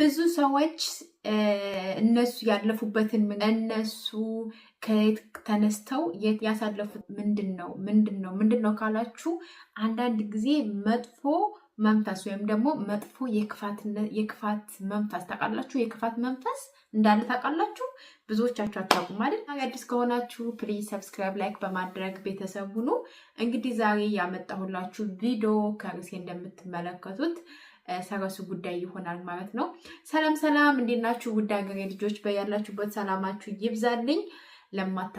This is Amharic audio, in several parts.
ብዙ ሰዎች እነሱ ያለፉበትን እነሱ ከየት ተነስተው የት ያሳለፉት ምንድን ነው ምንድን ነው ምንድን ነው ካላችሁ አንዳንድ ጊዜ መጥፎ መንፈስ ወይም ደግሞ መጥፎ የክፋት መንፈስ ታውቃላችሁ። የክፋት መንፈስ እንዳለ ታውቃላችሁ። ብዙዎቻችሁ አታውቁም ማለት ነው። አዲስ ከሆናችሁ ፕሊዝ ሰብስክራይብ፣ ላይክ በማድረግ ቤተሰብ ሁኑ። እንግዲህ ዛሬ ያመጣሁላችሁ ቪዲዮ ከርሴ እንደምትመለከቱት ሰረሱ ጉዳይ ይሆናል ማለት ነው። ሰላም ሰላም፣ እንዴት ናችሁ? ውድ ሀገሬ ልጆች በያላችሁበት ሰላማችሁ ይብዛልኝ። ለማታ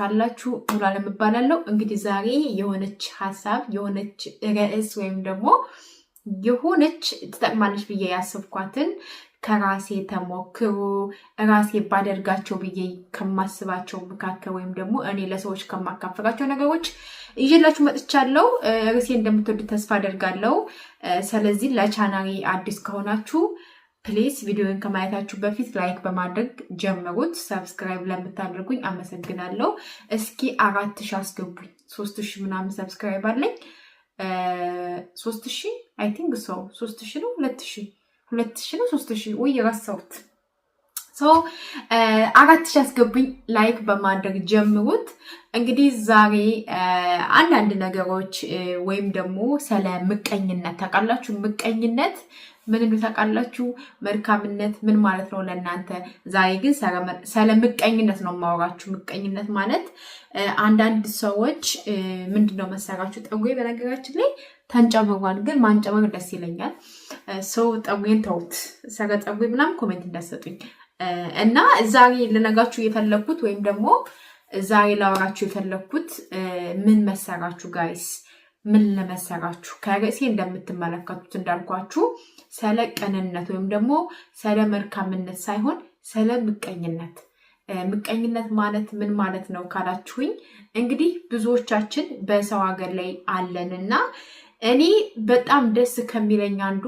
ካላችሁ ሙሉዓለም እባላለሁ። እንግዲህ ዛሬ የሆነች ሀሳብ የሆነች ርዕስ ወይም ደግሞ የሆነች ትጠቅማለች ብዬ ያስብኳትን ከራሴ ተሞክሮ ራሴ ባደርጋቸው ብዬ ከማስባቸው መካከል ወይም ደግሞ እኔ ለሰዎች ከማካፈላቸው ነገሮች ይዤላችሁ መጥቻለሁ። ርዕሴ እንደምትወዱ ተስፋ አደርጋለሁ። ስለዚህ ለቻናሪ አዲስ ከሆናችሁ ፕሌስ ቪዲዮን ከማየታችሁ በፊት ላይክ በማድረግ ጀምሩት። ሰብስክራይብ ለምታደርጉኝ አመሰግናለሁ። እስኪ አራት ሺ አስገቡኝ። ሶስት ሺ ምናምን ሰብስክራይብ አለኝ። ሶስት ሺ አይ ቲንክ ሰው ሶስት ሺ ነው ሁለት ሺ ሁለት ሺ ነው ሶስት ሺ ወይ ረሳሁት። ሰው አራት ሺ አስገቡኝ። ላይክ በማድረግ ጀምሩት። እንግዲህ ዛሬ አንዳንድ ነገሮች ወይም ደግሞ ስለ ምቀኝነት ታውቃላችሁ ምቀኝነት ምን እንደው ታውቃላችሁ መልካምነት ምን ማለት ነው ለእናንተ። ዛሬ ግን ስለ ምቀኝነት ነው የማወራችሁ። ምቀኝነት ማለት አንዳንድ ሰዎች ምንድን ነው መሰራችሁ፣ ጠጉሬ በነገራችን ላይ ተንጨምሯል፣ ግን ማንጨመር ደስ ይለኛል። ሰው ጠጉሬን ተውት፣ ሰረ ጠጉሬ ምናምን ኮሜንት እንዳሰጡኝ እና ዛሬ ልነጋችሁ የፈለግኩት ወይም ደግሞ ዛሬ ላወራችሁ የፈለግኩት ምን መሰራችሁ ጋይስ ምን ለመሰራችሁ ከርዕሴ እንደምትመለከቱት እንዳልኳችሁ ስለ ቅንነት ወይም ደግሞ ስለ መልካምነት ሳይሆን ስለ ምቀኝነት። ምቀኝነት ማለት ምን ማለት ነው ካላችሁኝ፣ እንግዲህ ብዙዎቻችን በሰው ሀገር ላይ አለን እና እኔ በጣም ደስ ከሚለኝ አንዱ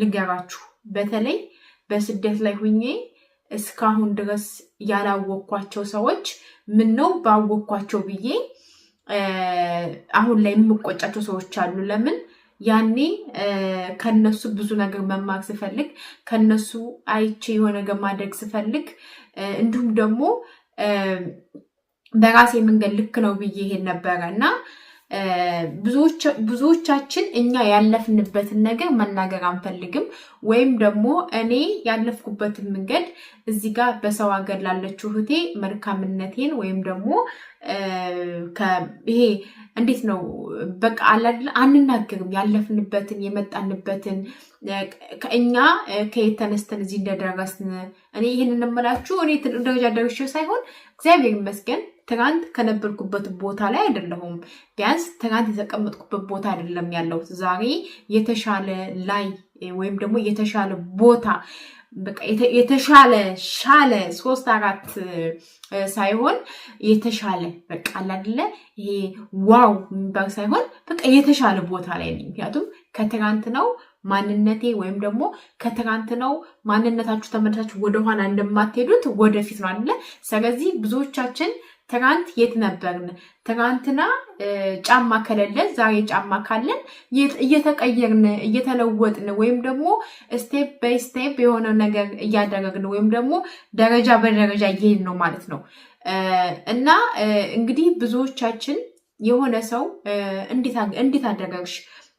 ልንገራችሁ፣ በተለይ በስደት ላይ ሁኜ እስካሁን ድረስ ያላወቅኳቸው ሰዎች ምን ነው ባወቅኳቸው ብዬ አሁን ላይ የምቆጫቸው ሰዎች አሉ። ለምን ያኔ ከነሱ ብዙ ነገር መማር ስፈልግ ከነሱ አይቼ የሆነ ነገር ማድረግ ስፈልግ እንዲሁም ደግሞ በራሴ መንገድ ልክ ነው ብዬ ይሄን ነበረ እና ብዙዎቻችን እኛ ያለፍንበትን ነገር መናገር አንፈልግም፣ ወይም ደግሞ እኔ ያለፍኩበትን መንገድ እዚህ ጋር በሰው ሀገር ላለችው እህቴ መልካምነቴን ወይም ደግሞ ይሄ እንዴት ነው በቃ አንናገርም። ያለፍንበትን የመጣንበትን ከእኛ ከየት ተነስተን እዚህ እንደደረስን እኔ ይህን እንመላችሁ እኔ ደረጃ ደርሼ ሳይሆን እግዚአብሔር ይመስገን ትናንት ከነበርኩበት ቦታ ላይ አይደለሁም። ቢያንስ ትናንት የተቀመጥኩበት ቦታ አይደለም ያለሁት። ዛሬ የተሻለ ላይ ወይም ደግሞ የተሻለ ቦታ የተሻለ ሻለ ሶስት አራት ሳይሆን የተሻለ በቃ አይደለ ይሄ ዋው የሚባል ሳይሆን በቃ የተሻለ ቦታ ላይ ነኝ። ምክንያቱም ከትናንት ነው ማንነቴ ወይም ደግሞ ከትናንት ነው ማንነታችሁ ተመልሳችሁ ወደኋላ እንደማትሄዱት ወደፊት ነው አለ። ስለዚህ ብዙዎቻችን ትናንት የት ነበርን? ትናንትና ጫማ ከሌለን ዛሬ ጫማ ካለን እየተቀየርን እየተለወጥን ወይም ደግሞ ስቴፕ ባይ ስቴፕ የሆነ ነገር እያደረግን ወይም ደግሞ ደረጃ በደረጃ እየሄድን ነው ማለት ነው። እና እንግዲህ ብዙዎቻችን የሆነ ሰው እንዴት አደረግሽ፣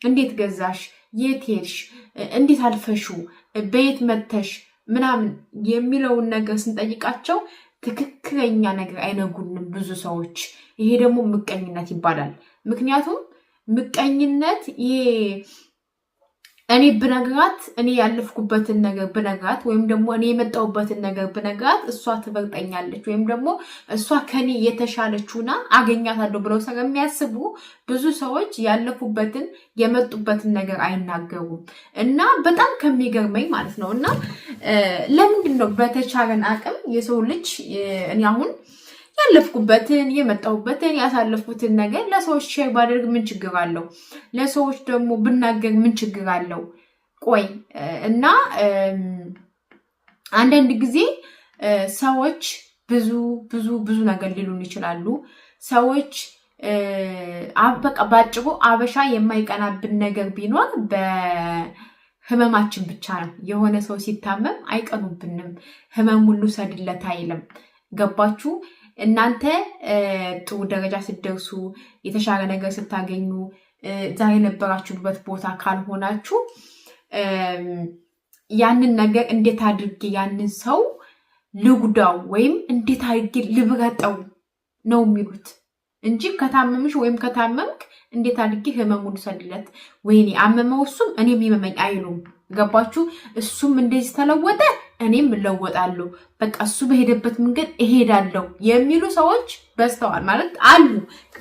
እንዴት ገዛሽ፣ የት ሄድሽ፣ እንዴት አልፈሹ፣ በየት መተሽ ምናምን የሚለውን ነገር ስንጠይቃቸው ትክክለኛ ነገር አይነጉንም ብዙ ሰዎች። ይሄ ደግሞ ምቀኝነት ይባላል። ምክንያቱም ምቀኝነት እኔ ብነግራት እኔ ያለፍኩበትን ነገር ብነግራት ወይም ደግሞ እኔ የመጣሁበትን ነገር ብነግራት እሷ ትበልጠኛለች ወይም ደግሞ እሷ ከኔ የተሻለችውና አገኛታለሁ ብለው ስለሚያስቡ ብዙ ሰዎች ያለፉበትን የመጡበትን ነገር አይናገሩም እና በጣም ከሚገርመኝ ማለት ነው እና ለምንድን ነው በተቻለን አቅም የሰው ልጅ እኔ አሁን ያለፍኩበትን የመጣሁበትን ያሳለፍኩትን ነገር ለሰዎች ሼር ባደርግ ምን ችግር አለው? ለሰዎች ደግሞ ብናገር ምን ችግር አለው? ቆይ እና አንዳንድ ጊዜ ሰዎች ብዙ ብዙ ብዙ ነገር ሊሉን ይችላሉ። ሰዎች በቃ በአጭሩ አበሻ የማይቀናብን ነገር ቢኖር በህመማችን ብቻ ነው። የሆነ ሰው ሲታመም አይቀኑብንም። ህመሙን ሰድለት አይልም። ገባችሁ? እናንተ ጥሩ ደረጃ ስትደርሱ የተሻለ ነገር ስታገኙ ዛሬ የነበራችሁበት ቦታ ካልሆናችሁ ያንን ነገር እንዴት አድርጌ ያንን ሰው ልጉዳው ወይም እንዴት አድርጌ ልብረጠው ነው የሚሉት እንጂ ከታመምሽ ወይም ከታመምክ እንዴት አድርጌ ህመሙ ልሰልለት፣ ወይኔ አመመው እሱም እኔም ይመመኝ አይሉም። ገባችሁ? እሱም እንደዚህ ተለወጠ እኔም እለወጣለሁ፣ በቃ እሱ በሄደበት መንገድ እሄዳለሁ የሚሉ ሰዎች በዝተዋል ማለት አሉ።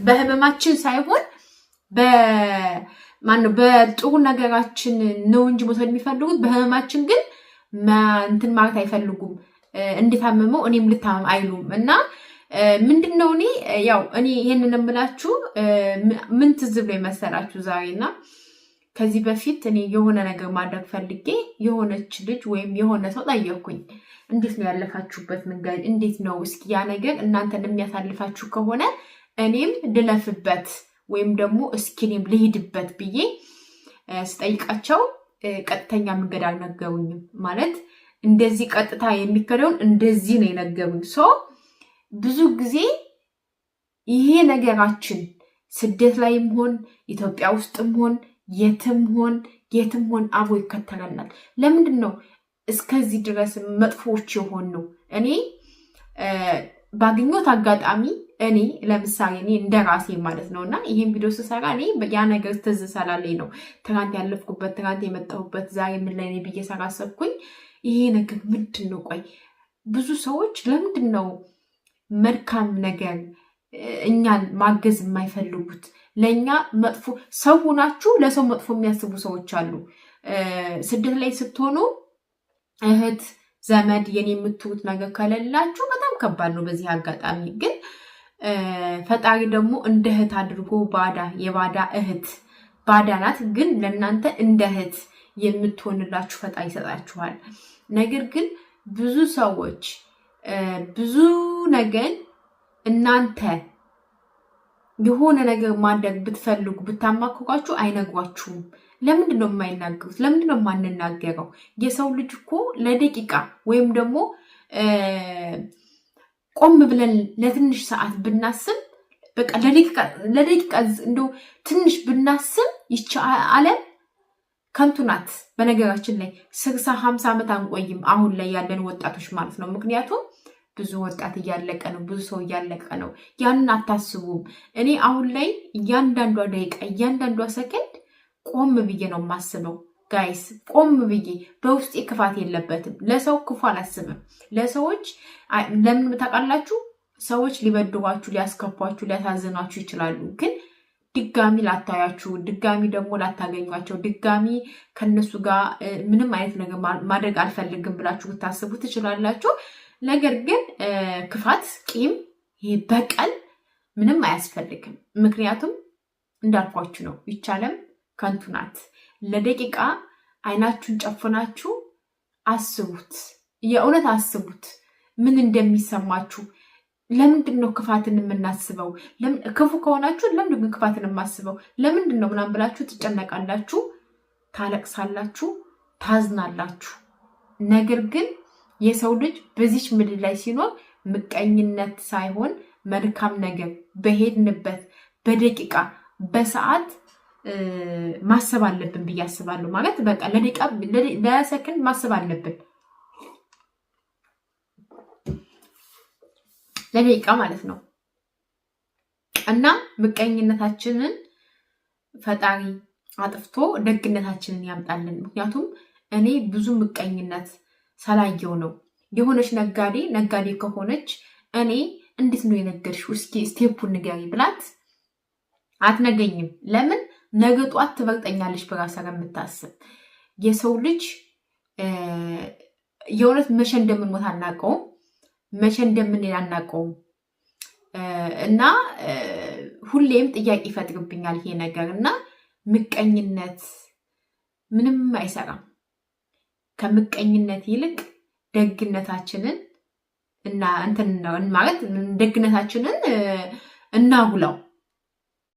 በህመማችን ሳይሆን ማነው በጥሩ ነገራችን ነው እንጂ መውሰድ የሚፈልጉት በህመማችን ግን እንትን ማለት አይፈልጉም። እንድታመመው እኔም ልታመም አይሉም እና ምንድን ነው እኔ ያው እኔ ይሄንን የምላችሁ ምን ትዝ ብሎ የመሰላችሁ ዛሬ እና ከዚህ በፊት እኔ የሆነ ነገር ማድረግ ፈልጌ የሆነች ልጅ ወይም የሆነ ሰው ጠየኩኝ። እንዴት ነው ያለፋችሁበት መንገድ? እንዴት ነው እስኪ ያ ነገር እናንተን የሚያሳልፋችሁ ከሆነ እኔም ልለፍበት ወይም ደግሞ እስኪ እኔም ልሂድበት ብዬ ስጠይቃቸው ቀጥተኛ መንገድ አልነገሩኝም። ማለት እንደዚህ ቀጥታ የሚከደውን እንደዚህ ነው የነገሩኝ። ሰው ብዙ ጊዜ ይሄ ነገራችን ስደት ላይም ሆን ኢትዮጵያ ውስጥም ሆን የትም ሆን የትም ሆን አብሮ ይከተለናል። ለምንድን ነው እስከዚህ ድረስ መጥፎዎች የሆን ነው? እኔ ባገኘሁት አጋጣሚ እኔ ለምሳሌ እኔ እንደ ራሴ ማለት ነው እና ይሄን ቪዲዮ ስሰራ እኔ ያ ነገር ትዝ ስላለኝ ነው ትናንት ያለፍኩበት ትናንት የመጣሁበት ዛሬ ምን ላይ ብዬ ሰራሰብኩኝ። ይሄ ነገር ምንድን ነው? ቆይ ብዙ ሰዎች ለምንድን ነው መልካም ነገር እኛን ማገዝ የማይፈልጉት? ለእኛ መጥፎ ሰው ናችሁ። ለሰው መጥፎ የሚያስቡ ሰዎች አሉ። ስደት ላይ ስትሆኑ እህት ዘመድ የኔ የምትውት ነገር ከሌላችሁ በጣም ከባድ ነው። በዚህ አጋጣሚ ግን ፈጣሪ ደግሞ እንደ እህት አድርጎ ባዳ የባዳ እህት ባዳ ናት፣ ግን ለእናንተ እንደ እህት የምትሆንላችሁ ፈጣሪ ይሰጣችኋል። ነገር ግን ብዙ ሰዎች ብዙ ነገን እናንተ የሆነ ነገር ማድረግ ብትፈልጉ ብታማክቋችሁ አይነግሯችሁም። ለምንድን ነው የማይናገሩት? ለምንድን ነው የማንናገረው? የሰው ልጅ እኮ ለደቂቃ ወይም ደግሞ ቆም ብለን ለትንሽ ሰዓት ብናስብ በቃ ለደቂቃ እንደ ትንሽ ብናስብ ይች ዓለም ከንቱ ናት። በነገራችን ላይ ስልሳ ሀምሳ ዓመት አንቆይም፣ አሁን ላይ ያለን ወጣቶች ማለት ነው። ምክንያቱም ብዙ ወጣት እያለቀ ነው። ብዙ ሰው እያለቀ ነው። ያንን አታስቡም። እኔ አሁን ላይ እያንዳንዷ ደቂቃ እያንዳንዷ ሰከንድ ቆም ብዬ ነው የማስበው። ጋይስ ቆም ብዬ በውስጤ ክፋት የለበትም። ለሰው ክፉ አላስብም። ለሰዎች ለምን ታውቃላችሁ? ሰዎች ሊበድቧችሁ፣ ሊያስከፏችሁ፣ ሊያሳዝኗችሁ ይችላሉ ግን ድጋሚ ላታያችሁ ድጋሚ ደግሞ ላታገኟቸው ድጋሚ ከነሱ ጋር ምንም አይነት ነገር ማድረግ አልፈልግም ብላችሁ ብታስቡ ትችላላችሁ። ነገር ግን ክፋት፣ ቂም፣ በቀል ምንም አያስፈልግም። ምክንያቱም እንዳልኳችሁ ነው ይቻለም ከንቱ ናት። ለደቂቃ አይናችሁን ጨፍናችሁ አስቡት፣ የእውነት አስቡት ምን እንደሚሰማችሁ። ለምንድን ነው ክፋትን የምናስበው? ክፉ ከሆናችሁ ለምንድን ክፋትን የማስበው ለምንድን ነው ምናምን ብላችሁ ትጨነቃላችሁ፣ ታለቅሳላችሁ፣ ታዝናላችሁ። ነገር ግን የሰው ልጅ በዚች ምድር ላይ ሲኖር ምቀኝነት ሳይሆን መልካም ነገር በሄድንበት በደቂቃ በሰዓት ማሰብ አለብን ብዬ አስባለሁ። ማለት በቃ ለሰከንድ ማሰብ አለብን ለደቂቃ ማለት ነው። እና ምቀኝነታችንን ፈጣሪ አጥፍቶ ደግነታችንን ያምጣልን። ምክንያቱም እኔ ብዙ ምቀኝነት ሳላየው ነው። የሆነች ነጋዴ ነጋዴ ከሆነች እኔ እንዴት ነው የነገድሽው? እስኪ ስቴፑን ንገሪ ብላት አትነገኝም። ለምን ነገ ጧት ትበልጠኛለች በራሳ የምታስብ የሰው ልጅ የእውነት መቼ እንደምንሞት አናውቀውም፣ መቼ እንደምንሄድ አናውቀውም። እና ሁሌም ጥያቄ ይፈጥርብኛል ይሄ ነገር እና ምቀኝነት ምንም አይሰራም። ከምቀኝነት ይልቅ ደግነታችንን እና እንትን ማለት ደግነታችንን እናጉላው።